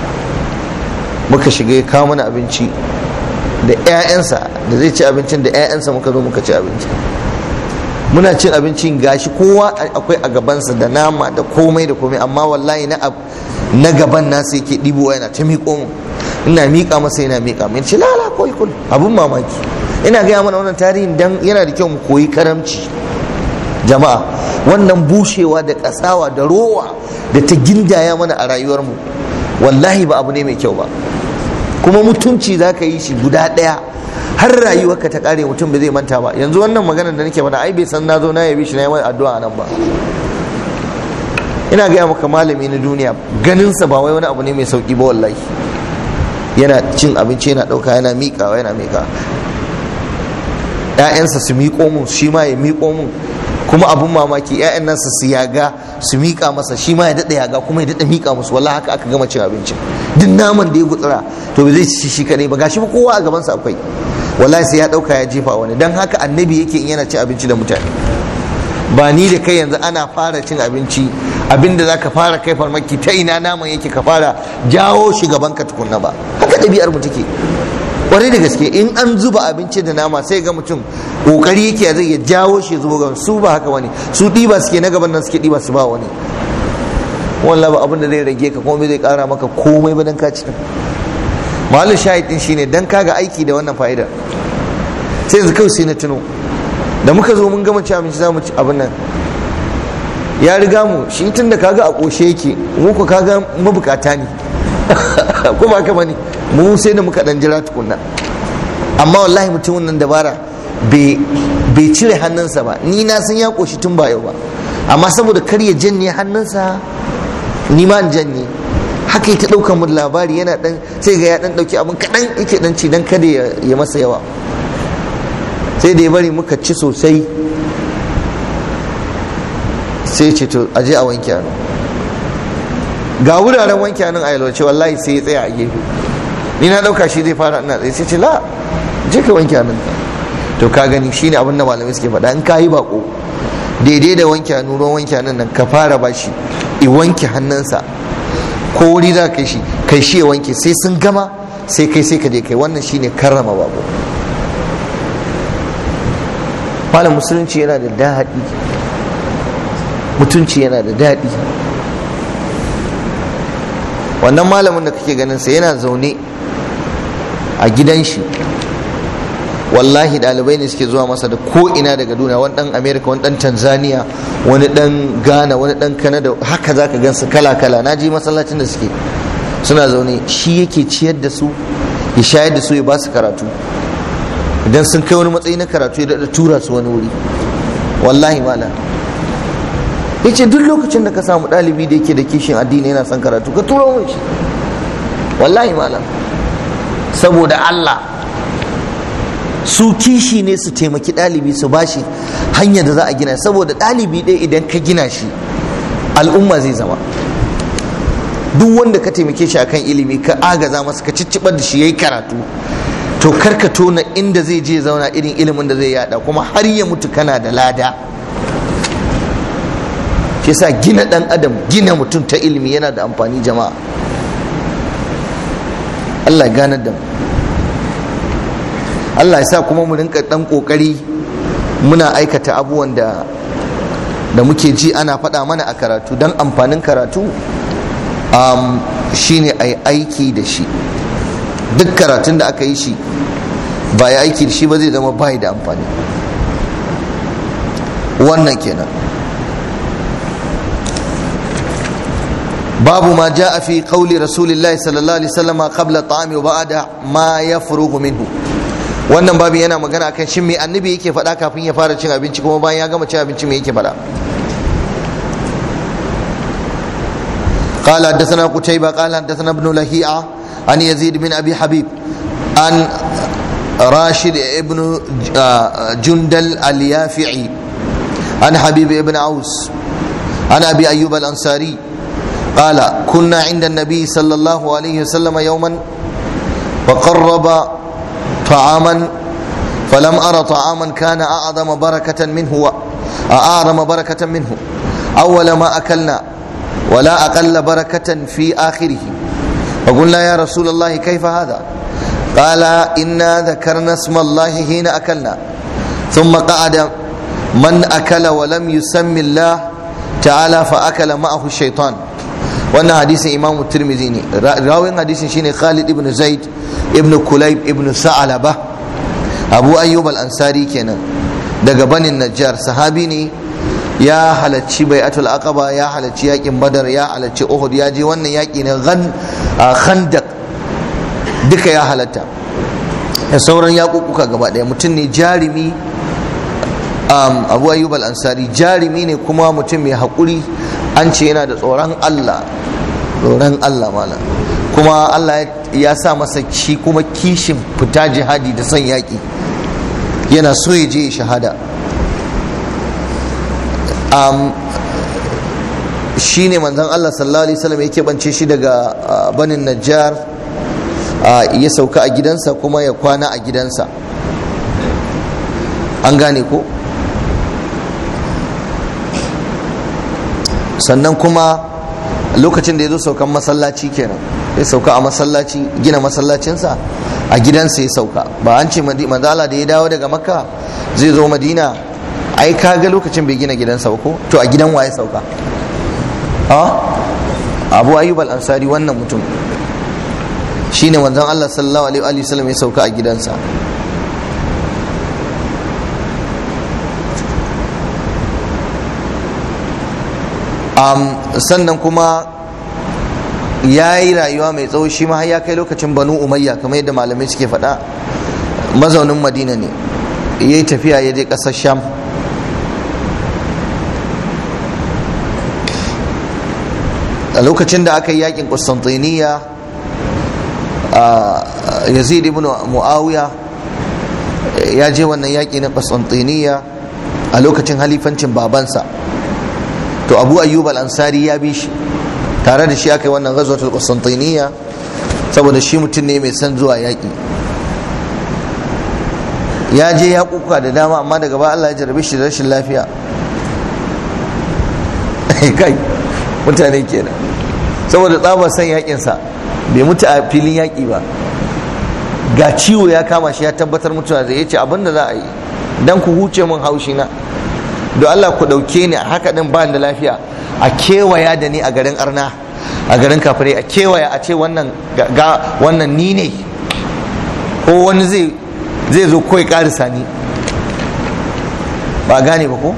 muka shiga ya kawo mana abinci da 'ya'yansa da zai ci abincin da 'ya'yansa muka zo muka ci abinci muna cin abincin gashi kowa akwai a gabansa da nama da komai da komai amma wallahi na gaban nasa yake ɗibowa yana ta miƙo mu ina miƙa masa yana miƙa mai ce lala koi kul abun mamaki ina gaya mana wannan tarihin dan yana da kyau mu koyi karamci jama'a wannan bushewa da ƙasawa da rowa da ta gindaya mana a rayuwar mu wallahi ba abu ne mai kyau ba kuma mutunci za ka yi shi guda ɗaya har rayuwarka ta ƙare mutum ba zai manta ba yanzu wannan maganar da nake mana ai bai san na zo na yabi shi na yi addu'a nan ba ina gaya maka malami na duniya ganinsa ba wai wani abu ne mai sauki ba wallahi yana cin abinci yana ɗauka yana miƙawa yana miƙawa ‘ya'yansa su miƙo mun shi ma ya miƙo mun kuma abin mamaki ‘ya'yan nasa su yaga su miƙa masa shi ma ya daɗa yaga kuma ya daɗa miƙa musu wala haka aka gama cin abincin duk naman da ya gutsura to ba zai ci shi kaɗai ba gashi ba kowa a gabansa akwai wallahi sai ya ɗauka ya jefa wani don haka annabi yake in yana cin abinci da mutane ba ni da kai yanzu ana fara cin abinci abinda zaka fara kai farmaki ta ina naman yake ka fara jawo shi gaban ka tukunna ba ta ɗabi'ar mu take kwarai da gaske in an zuba abinci da nama sai ga mutum kokari yake zai ya jawo shi zuba gaban su ba haka wani su ɗiba suke na gaban nan suke ɗiba su ba wani wallahi ba abin da zai rage ka kuma zai kara maka komai ba dan ka ci mahallin shahid din shine dan ga aiki da wannan fa'ida sai yanzu kawai sai na tuno da muka zo mun gama ci abinci za mu ci abin nan ya riga mu shi tun da kaga a ƙoshe yake mu ku kaga mabukata ne ko ba ka bane mu sai da muka dan jira tukunna amma wallahi mutumin nan dabara bai cire hannunsa ba ni na san ya koshi tun ba yau ba amma saboda kar ya janye hannunsa ni ma janye haka ta ɗaukar mun labari yana dan sai ga ya ɗauki abin kaɗan yake dan ci dan kada ya masa yawa sai da ya bari muka ci sosai sai ce to aje a wanke hannu ga wuraren wanke hannun a yalwace wallahi sai ya tsaya a gefe ni na dauka shi zai fara ina tsaye sai ce la je ka wanke hannun ka to ka gani shine abin da malamai suke faɗa in ka yi bako daidai da wanke hannu ruwan wanke hannun nan ka fara bashi i wanke hannunsa ko wuri za ka shi kai shi ya wanke sai sun gama sai kai sai ka je kai wannan shine karrama bako malam musulunci yana da daɗi mutunci yana da daɗi wannan malamin da kake ganin sa yana zaune a gidan shi wallahi ɗalibai ne suke zuwa masa da ko ina daga duniya wani ɗan america wani ɗan tanzania wani ɗan ghana wani ɗan canada haka za ka gansu kala kala na ji masallacin da suke suna zaune shi yake ciyar da su ya shayar da su ya ba su karatu idan sun kai wani matsayi na karatu ya daɗa tura su wani wuri wallahi mala ya ce duk lokacin da ka samu ɗalibi da yake da kishin addini yana son karatu ka tura mun shi wallahi mala saboda Allah su kishi ne su taimaki ɗalibi su bashi hanyar da za a gina saboda ɗalibi ɗaya idan ka gina shi al'umma zai zama duk wanda ka taimake shi akan ilimi ka agaza masa ka cicciɓar da shi ya karatu to karka tona inda zai je zauna irin ilimin da zai yada kuma har ya mutu kana da lada shi yasa gina ɗan adam gina mutum ta ilimi yana da amfani jama'a Allah ganar da mu Allah ya sa kuma mu rinka dan kokari muna aikata abubuwan da da muke ji ana faɗa mana a karatu don amfanin karatu um, shine a yi aiki da shi duk karatun da aka yi shi ba ya aiki da shi ba zai zama bai da amfani wannan kenan babu ma ja a fi kauli rasulillahi sallallahu alaihi wasallam qabla ta'ami wa ba'da ma minhu wannan babu yana magana akan shin me annabi yake faɗa kafin ya fara cin abinci kuma bayan ya gama cin abinci me yake faɗa قال حدثنا قتيبة قال حدثنا ابن لهيعة عن يزيد بن أبي حبيب عن راشد ابن جندل اليافعي عن حبيب ابن عوس عن أبي أيوب الأنصاري قال كنا عند النبي صلى الله عليه وسلم يوما فقرب طعاما فلم أرى طعاما كان أعظم بركة منه أعظم بركة منه أول ما أكلنا ولا أقل بركة في آخره فقلنا يا رسول الله كيف هذا قال إنا ذكرنا اسم الله حين أكلنا ثم قعد من أكل ولم يسم الله تعالى فأكل معه الشيطان wannan hadisin imamu turmizi ne rawin hadisin shine khalid ibn zaid ibn kulayb ibn sa'alaba abu ayyub al-ansari kenan daga banin najjar sahabi ne ya halarci bai atul aqaba ya halarci yakin badar ya halarci uhud ya je wannan yaki ne khandak duka ya halatta da sauran yakukuka gaba daya mutum ne jarimi abu ayyub al-ansari jarimi ne kuma mutum mai haƙuri an ce yana da tsoron Allah tsoron Allah malam kuma Allah ya sa masa ci kuma kishin fita jihadi da son yaƙi yana so ya je shahada shi ne manzan Allah sallallahu alaihi wasallam ya keɓance shi daga banin najjar ya sauka a gidansa kuma ya kwana a gidansa an gane ko sannan kuma lokacin da ya zo saukan masallaci kenan ya sauka a masallaci gina masallacinsa a gidansa ya sauka ba an ce mazala da ya dawo daga makka zai zo madina ai kaga lokacin bai gina gidansa ba ko to a gidan waye sauka abu ayyub al-ansari wannan mutum shine manzon Allah sallallahu alaihi wa sallam ya sauka a gidansa sannan kuma ya yi rayuwa mai tsawo shi ma ya kai lokacin banu umayya kamar yadda malamai suke faɗa mazaunin madina ne ya yi tafiya ya je ƙasar sham a lokacin da aka yi yakin Constantiniya yazid ibn muawiya ya je wannan yaƙi na Constantiniya a lokacin halifancin babansa to abu ayyub al-ansari ya bi shi tare da shi aka yi wannan ghazwatul qustantiniya saboda shi mutum ne mai son zuwa yaƙi ya je ya kuka da dama amma daga ba Allah ya jarabe shi da rashin lafiya kai mutane kenan saboda tsabar son sa bai mutu a filin yaki ba ga ciwo ya kama shi ya tabbatar mutuwa zai ce abin da za a yi dan ku huce mun haushi na don Allah ku ɗauke ni haka din ba da lafiya a kewaya da ni a garin arna a garin kafare a kewaya a ce wannan ga wannan ni ne ko wani zai zai zo kawai karisa ni ba gane ba ko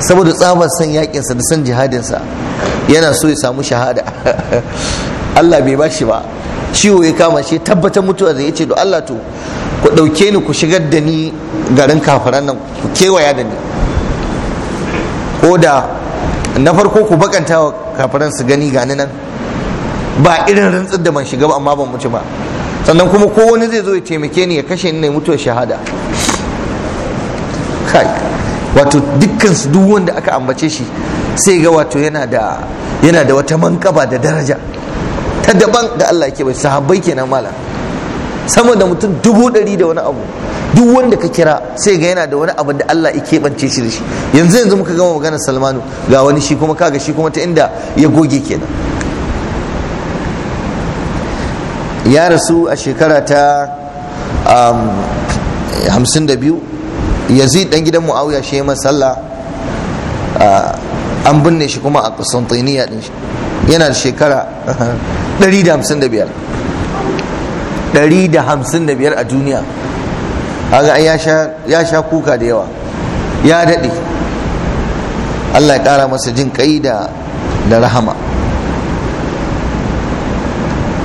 saboda tsabar san yakinsa da san jihadinsa yana so ya samu shahada Allah bai bashi ba ciwo ya kama shi tabbatar mutuwa zai ce to Allah to ku ɗauke ni ku shigar da ni garin kafaran nan ku kewaya da ni Koda na farko ku bakanta wa kafiran su gani gani nan ba irin rantsar da ban shiga ba amma ban mutu ba sannan kuma ko wani zai zo ya taimake ni ya kashe ni ne mutuwar shahada kai wato dukkan su duk wanda aka ambace shi sai ga wato yana da yana da wata mankaba da daraja ta daban da Allah ke bai sahabbai kenan malam sama da mutum dubu ɗari da wani abu duk wanda ka kira sai ga yana da wani abu da Allah ya keɓance shi da shi yanzu yanzu muka gama maganar Salmanu ga wani shi kuma kaga shi kuma ta inda ya goge kenan ya rasu a shekara ta um, hamsin da biyu yazid dan gidan muawiya shi ya masalla uh, an binne shi kuma a kusantiniya din shi yana da shekara 155 155 a duniya kaga ya sha ya sha kuka da yawa ya dade Allah ya kara masa jin kai da da rahama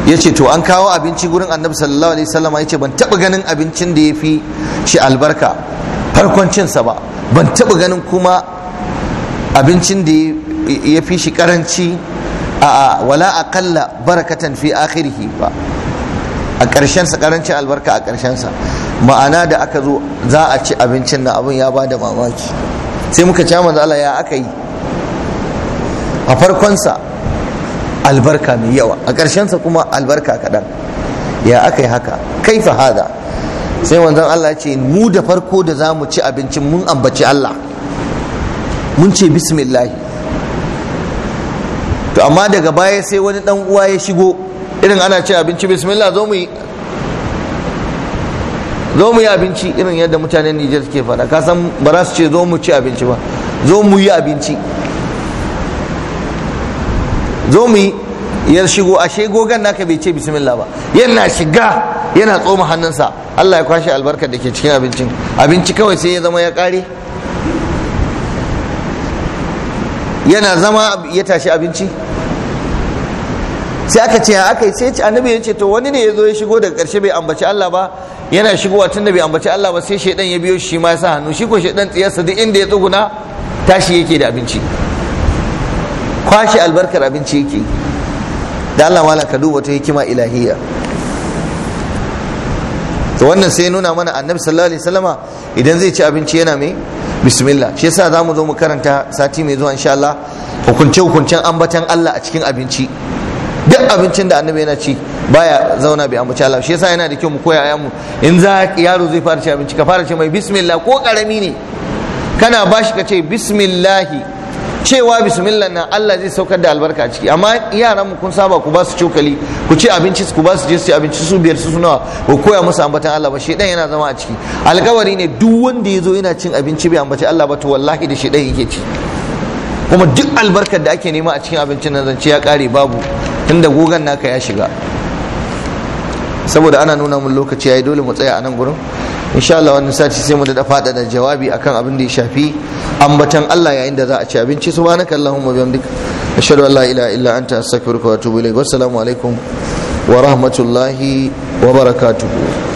yace to an kawo abinci gurin Annabi sallallahu alaihi wasallam yace ban taba ganin abincin da yafi shi albarka farkon sa ba ban taba ganin kuma abincin da ya fi shi karanci a wala aqalla barakatan fi akhirih ba a sa ƙarancin albarka a sa. ma'ana da aka zo za a ci abincin na abin ya ba da mamaki sai muka ci manzo Allah ya aka yi a farkonsa albarka mai yawa a ƙarshensa kuma albarka kaɗan ya aka yi haka kaifa hada sai wanzan Allah ya ce mu da farko da za mu ci abincin mun ambaci Allah mun ce bismillah to amma daga baya sai wani dan uwa ya shigo irin ana ce abinci bismillah zo mu yi zo mu yi abinci irin yadda mutanen Nijar suke fada ka san ba za su ce zo mu ci abinci ba zo mu yi abinci zo mu yi yar shigo ashe gogan naka bai ce bismillah ba yana shiga yana tsoma hannunsa Allah ya kwashe albarkar da ke cikin abincin abinci kawai sai ya zama ya kare yana zama ya tashi abinci sai aka ce aka yi sai annabi ya ce to wani ne ya zo ya shigo daga karshe bai ambaci Allah ba yana shigowa tun da bai ambaci Allah ba sai shaidan ya biyo shi ma ya sa hannu shi ko shaidan tsiyarsa duk inda ya tsuguna tashi yake da abinci Kwashi albarkar abinci yake da Allah mala ka duba ta hikima ilahiya to wannan sai nuna mana annabi sallallahu alaihi wasallama idan zai ci abinci yana mai bismillah shi yasa zamu zo mu karanta sati mai zuwa insha Allah hukunce hukuncen ambatan Allah a cikin abinci duk abincin da annabi yana ci baya zauna bai ambaci Allah shi yasa yana da kyau mu koya ayan in za yaro zai fara ci abinci ka fara ce mai bismillah ko karami ne kana bashi ka ce bismillah cewa bismillah na Allah zai saukar da albarka a ciki amma yaran mu kun saba ku ba su cokali ku ci abinci ku ba su je su abinci su biyar su suna ku koya musu ambatan Allah ba shedan yana zama a ciki alkawari ne duk wanda ya zo yana cin abinci bai ambaci Allah ba to wallahi da shedan yake ci kuma duk albarkar da ake nema a cikin abincin nan zance ya kare babu inda gugan naka ya shiga saboda ana nuna mun lokaci yayi dole mu tsaya a nan gurin insha Allah wannan sati sai mu da fada da jawabi akan abin da ya shafi ambatan Allah yayin da za a ci abinci subhanaka allahumma bihamdika ashhadu an la ilaha illa anta astaghfiruka wa atubu ilaik wassalamu alaikum wa rahmatullahi wa barakatuh